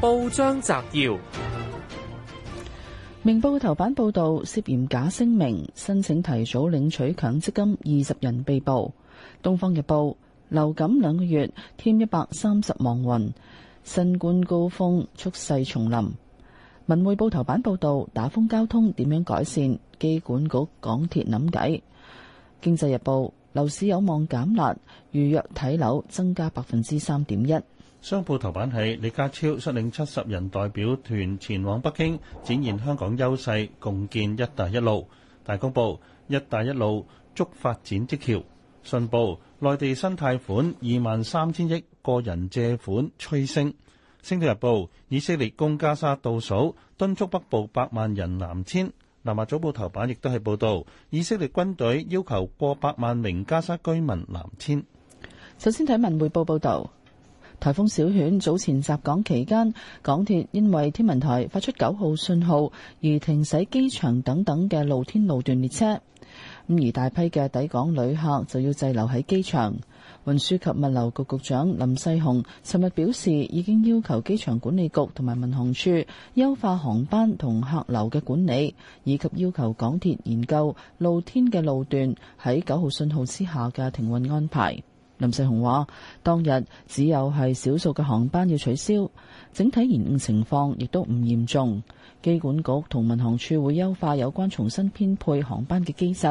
報章摘要：明報頭版報道涉嫌假聲明申請提早領取強積金二十人被捕。東方日報：流感兩個月添一百三十亡魂，新冠高峰蓄勢重臨。文匯報頭版報道打風交通點樣改善？機管局港鐵諗計。經濟日報：樓市有望減辣，預約睇樓增加百分之三點一。商報頭版係李家超率領七十人代表團前往北京，展現香港優勢，共建“一帶一路”。大公報“一帶一路”促發展之橋。信報內地新貸款二萬三千億，個人借款趨升。星島日報以色列攻加沙倒數，敦促北部百萬人南遷。南華早報頭版亦都係報道，以色列軍隊要求過百萬名加沙居民南遷。首先睇文匯報報道。台風小犬早前襲港期間，港鐵因為天文台發出九號信號而停駛機場等等嘅露天路段列車，咁而大批嘅抵港旅客就要滯留喺機場。運輸及物流局局長林世雄尋日表示，已經要求機場管理局同埋民航處優化航班同客流嘅管理，以及要求港鐵研究露天嘅路段喺九號信號之下嘅停運安排。林世雄話：當日只有係少數嘅航班要取消，整體延誤情況亦都唔嚴重。機管局同民航處會優化有關重新編配航班嘅機制。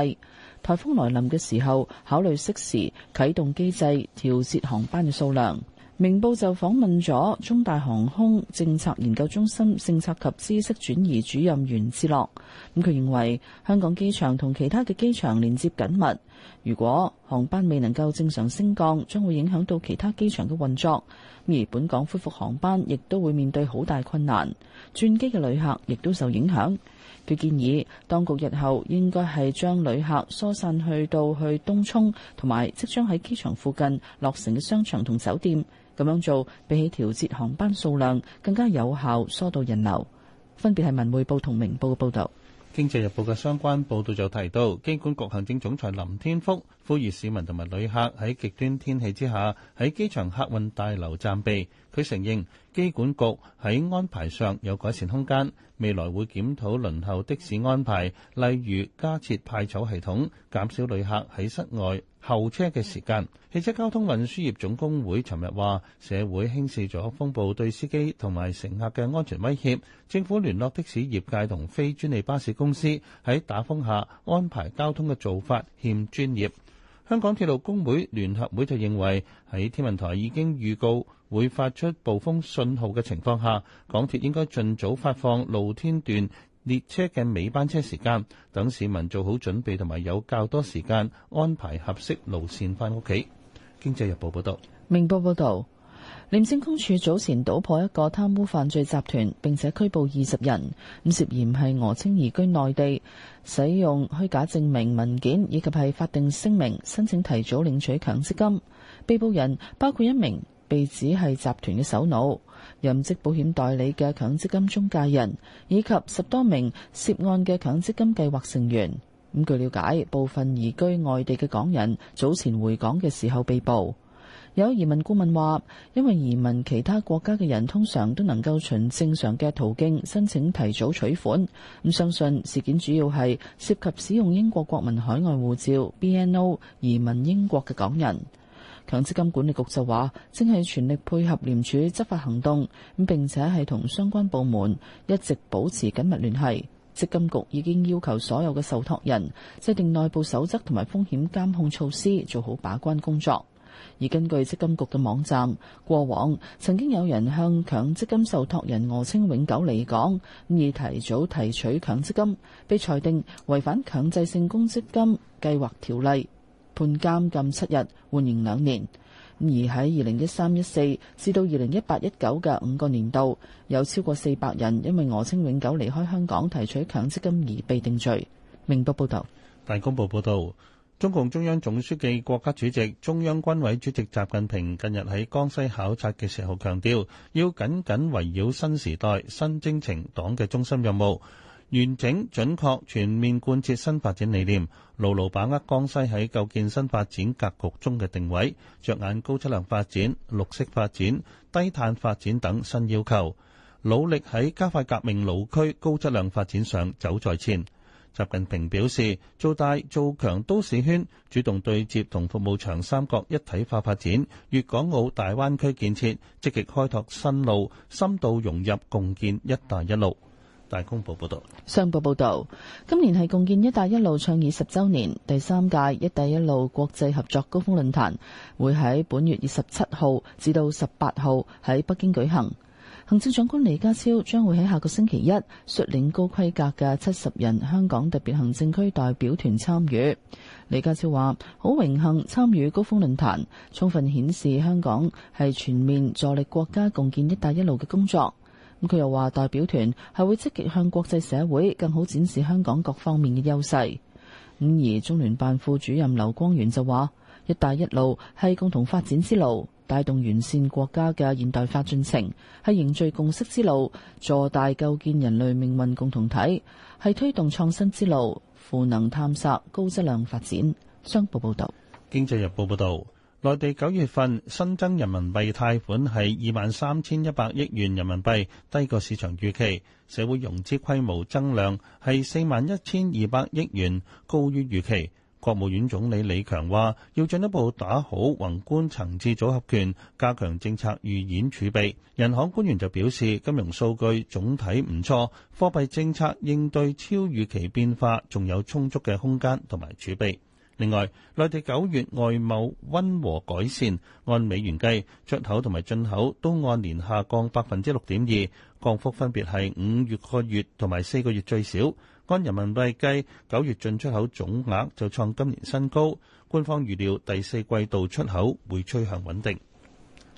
台風來臨嘅時候，考慮適時啟動機制，調節航班嘅數量。明報就訪問咗中大航空政策研究中心政策及知識轉移主任袁志樂。咁佢認為香港機場同其他嘅機場連接緊密，如果航班未能夠正常升降，將會影響到其他機場嘅運作。而本港恢復航班，亦都會面對好大困難。轉機嘅旅客亦都受影響。佢建議當局日後應該係將旅客疏散去到去東涌，同埋即將喺機場附近落成嘅商場同酒店。咁樣做比起調節航班數量，更加有效疏導人流。分別係文匯報同明報嘅報道。《經濟日報》嘅相關報導就提到，機管局行政總裁林天福呼籲市民同埋旅客喺極端天氣之下喺機場客運大樓暫避。佢承認機管局喺安排上有改善空間，未來會檢討輪候的士安排，例如加設派籌系統，減少旅客喺室外候車嘅時間，汽車交通運輸業總工會尋日話：社會輕視咗風暴對司機同埋乘客嘅安全威脅，政府聯絡的士業界同非專利巴士公司喺打風下安排交通嘅做法欠專業。香港鐵路工會聯合會就認為，喺天文台已經預告會發出暴風信號嘅情況下，港鐵應該盡早發放露天段列車嘅尾班車時間，等市民做好準備同埋有較多時間安排合適路線翻屋企。經濟日報報道，明報報道，廉政公署早前搗破一個貪污犯罪集團，並且拘捕二十人，咁涉嫌係訛稱移居內地，使用虛假證明文件以及係法定聲明申請提早領取強積金。被捕人包括一名被指係集團嘅首腦、任職保險代理嘅強積金中介人，以及十多名涉案嘅強積金計劃成員。咁據了解，部分移居外地嘅港人早前回港嘅時候被捕。有移民顧問話，因為移民其他國家嘅人通常都能夠循正常嘅途徑申請提早取款，咁相信事件主要係涉及使用英國國民海外護照 （BNO） 移民英國嘅港人。強積金管理局就話，正係全力配合廉署執法行動，咁並且係同相關部門一直保持緊密聯繫。積金局已經要求所有嘅受託人制定內部守則同埋風險監控措施，做好把關工作。而根據積金局嘅網站，過往曾經有人向強積金受託人訛稱永久離港，咁而提早提取強積金，被裁定違反強制性公積金計劃條例。判監禁七日，緩刑兩年。而喺二零一三一四至到二零一八一九嘅五個年度，有超過四百人因為訛稱永久離開香港提取強積金而被定罪。明報報道。《大公報》報道，中共中央總書記、國家主席、中央軍委主席習近平近日喺江西考察嘅時候，強調要緊緊圍繞新時代新征程黨嘅中心任務。完整、準確、全面貫徹新發展理念，牢牢把握江西喺舊建新發展格局中嘅定位，着眼高質量發展、綠色發展、低碳發展等新要求，努力喺加快革命老區高質量發展上走在前。習近平表示，做大做強都市圈，主動對接同服務長三角一體化發展、粵港澳大灣區建設，積極開拓新路，深度融入共建“一帶一路”。大公報報道，商報報道，今年係共建“一帶一路”倡議十周年，第三屆“一帶一路”國際合作高峰論壇會喺本月二十七號至到十八號喺北京舉行。行政長官李家超將會喺下個星期一率領高規格嘅七十人香港特別行政區代表團參與。李家超話，好榮幸參與高峰論壇，充分顯示香港係全面助力國家共建“一帶一路”嘅工作。咁佢又話，代表團係會積極向國際社會更好展示香港各方面嘅優勢。咁而中聯辦副主任劉光源就話，「一帶一路」係共同發展之路，帶動完善國家嘅現代化進程，係凝聚共識之路，助大構建人類命運共同體，係推動創新之路，賦能探索高質量發展。商報報道。《經濟日報》報道。內地九月份新增人民幣貸款係二萬三千一百億元人民幣低過市場預期；社會融資規模增量係四萬一千二百億元，高於預期。國務院總理李強話：要進一步打好宏觀層次組合拳，加強政策預演儲備。人行官員就表示，金融數據總體唔錯，貨幣政策應對超預期變化仲有充足嘅空間同埋儲備。另外，內地九月外貿溫和改善，按美元計，出口同埋進口都按年下降百分之六點二，降幅分別係五月個月同埋四個月最少。按人民幣計，九月進出口總額就創今年新高。官方預料第四季度出口會趨向穩定。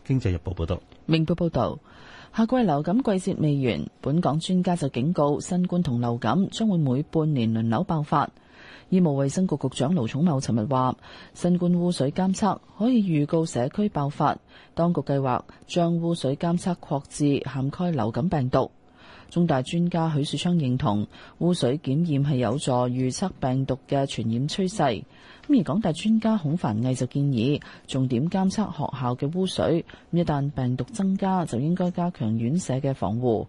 經濟日報報道：明報報道，夏季流感季節未完，本港專家就警告，新冠同流感將會每半年輪流爆發。醫務衛生局局長盧寵茂尋日話，新冠污水監測可以預告社區爆發，當局計劃將污水監測擴至涵蓋流感病毒。中大專家許樹昌認同污水檢驗係有助預測病毒嘅傳染趨勢。咁而港大專家孔繁毅就建議，重點監測學校嘅污水，一旦病毒增加，就應該加強院舍嘅防護。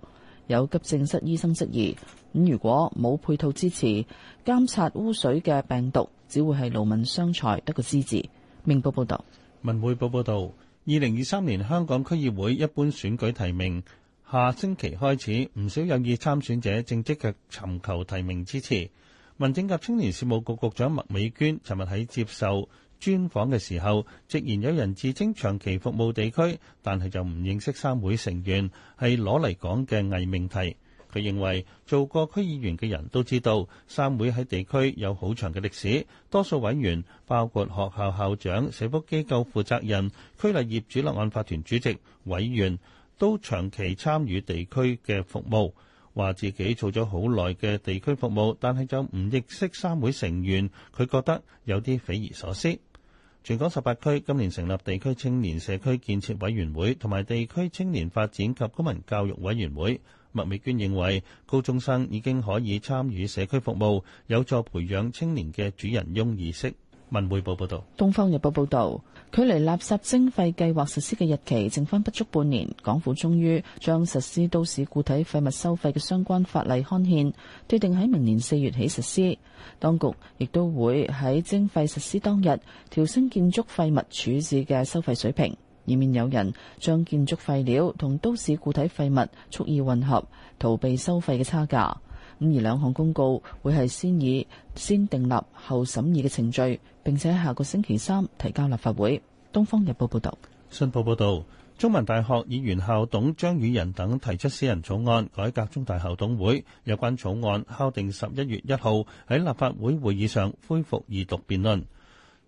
有急症室醫生質疑，咁如果冇配套支持監察污水嘅病毒，只會係勞民傷財，得個資治。明報報道。文匯報報道，二零二三年香港區議會一般選舉提名下星期開始，唔少有意參選者正積極尋求提名支持。民政及青年事務局局，局長麥美娟尋日喺接受專訪嘅時候，直言有人自稱長期服務地區，但係就唔認識三會成員，係攞嚟講嘅偽命題。佢認為做過區議員嘅人都知道，三會喺地區有好長嘅歷史。多數委員，包括學校校長、社福機構負責人、區立業主立案法團主席、委員，都長期參與地區嘅服務。話自己做咗好耐嘅地區服務，但係就唔認識三會成員，佢覺得有啲匪夷所思。全港十八區今年成立地區青年社區建設委員會同埋地區青年發展及公民教育委員會。麥美娟認為，高中生已經可以參與社區服務，有助培養青年嘅主人翁意識。文匯報報道，東方日報報道，距離垃圾徵費計劃實施嘅日期剩翻不足半年，港府終於將實施都市固體廢物收費嘅相關法例刊憲，決定喺明年四月起實施。當局亦都會喺徵費實施當日，調升建築廢物處置嘅收費水平，以免有人將建築廢料同都市固體廢物蓄意混合，逃避收費嘅差價。五而兩項公告會係先以先訂立後審議嘅程序，並且下個星期三提交立法會。《東方日報》報道，信報報道，中文大學議員校董張宇人等提出私人草案改革中大校董會，有關草案敲定十一月一號喺立法會會議上恢復二讀辯論。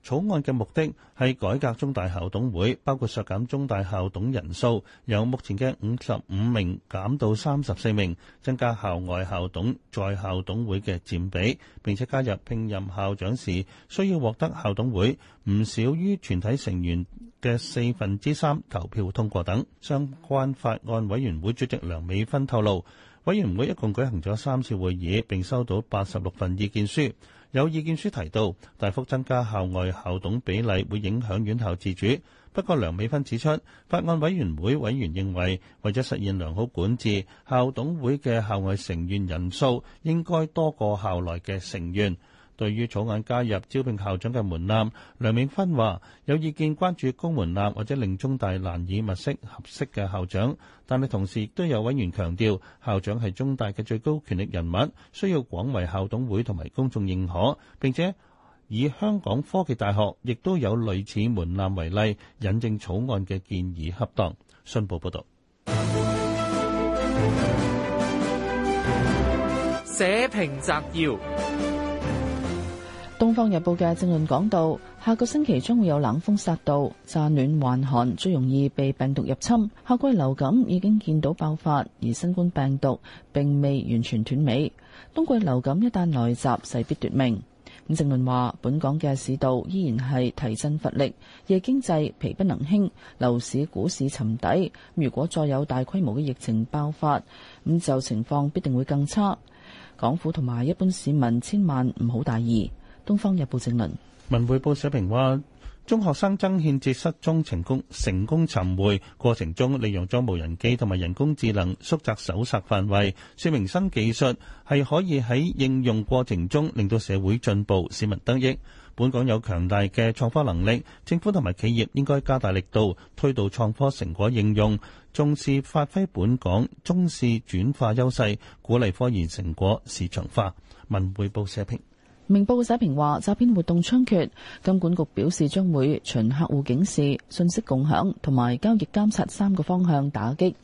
草案嘅目的係改革中大校董會，包括削減中大校董人數，由目前嘅五十五名減到三十四名，增加校外校董在校董會嘅佔比，並且加入聘任校長時需要獲得校董會唔少於全體成員嘅四分之三投票通過等。相關法案委員會主席梁美芬透露，委員會一共舉行咗三次會議，並收到八十六份意見書。有意見書提到，大幅增加校外校董比例會影響院校自主。不過梁美芬指出，法案委員會委員認為，為咗實現良好管治，校董會嘅校外成員人數應該多過校內嘅成員。對於草案加入招聘校長嘅門檻，梁永芬話有意見關注高門檻或者令中大難以物色合適嘅校長，但係同時亦都有委員強調校長係中大嘅最高權力人物，需要廣為校董會同埋公眾認可。並且以香港科技大學亦都有類似門檻為例，引證草案嘅建議恰當。信報報道。社評摘要。《東方日報》嘅正論講到，下個星期將會有冷風殺到，乍暖還寒，最容易被病毒入侵。夏季流感已經見到爆發，而新冠病毒並未完全斷尾。冬季流感一旦來襲，勢必奪，奪命。咁正論話，本港嘅市道依然係提振乏力，夜經濟疲不能興，樓市、股市沉底。如果再有大規模嘅疫情爆發，咁就情況必定會更差。港府同埋一般市民千萬唔好大意。《東方日報正論》評論，《文匯報》社評話：中學生曾憲哲失蹤成功成功尋回過程中，利用咗無人機同埋人工智能縮窄搜查範圍，說明新技術係可以喺應用過程中令到社會進步，市民得益。本港有強大嘅創科能力，政府同埋企業應該加大力度推動創科成果應用，重視發揮本港中試轉化優勢，鼓勵科研成果市場化。文《文匯報》社評。明報社評話，詐騙活動猖獗，金管局表示將會循客戶警示、信息共享同埋交易監察三個方向打擊。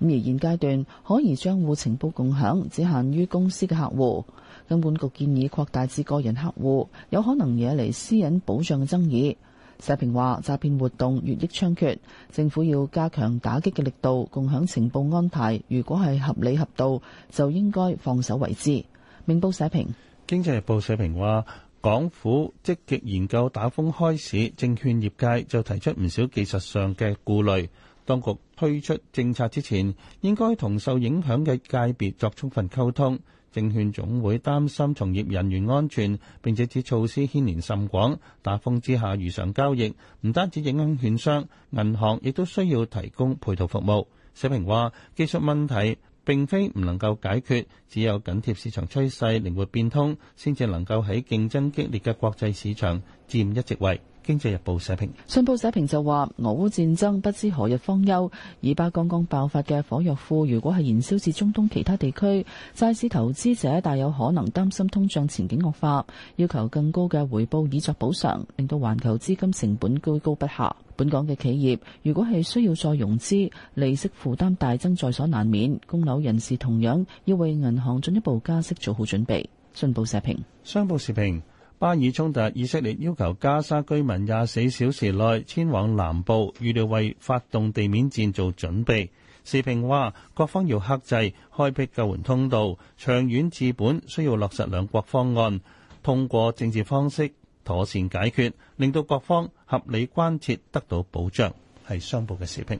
咁而現階段可疑賬戶情報共享只限於公司嘅客戶，金管局建議擴大至個人客戶，有可能惹嚟私隱保障嘅爭議。社評話，詐騙活動越益猖獗，政府要加強打擊嘅力度，共享情報安排如果係合理合道就應該放手為之。明報社評。經濟日報社評話，港府積極研究打風開市，證券業界就提出唔少技術上嘅顧慮。當局推出政策之前，應該同受影響嘅界別作充分溝通。證券總會擔心從業人員安全，並且指措施牽連甚廣。打風之下如常交易，唔單止影響券商、銀行，亦都需要提供配套服務。社評話，技術問題，並非唔能夠解決，只有緊貼市場趨勢、靈活變通，先至能夠喺競爭激烈嘅國際市場占一席位。《經濟日報》社評，信報社評就話：俄烏戰爭不知何日方休，以巴剛剛爆發嘅火藥庫，如果係燃燒至中東其他地區，債市投資者大有可能擔心通脹前景惡化，要求更高嘅回報以作補償，令到環球資金成本居高不下。本港嘅企業如果係需要再融資，利息負擔大增在所難免。供樓人士同樣要為銀行進一步加息做好準備。信報社評，商報時評。巴以衝突，以色列要求加沙居民廿四小時內遷往南部，預料為發動地面戰做準備。時評話，各方要克制，開闢救援通道，長遠治本需要落實兩國方案，通過政治方式妥善解決，令到各方合理關切得到保障。係商報嘅時評。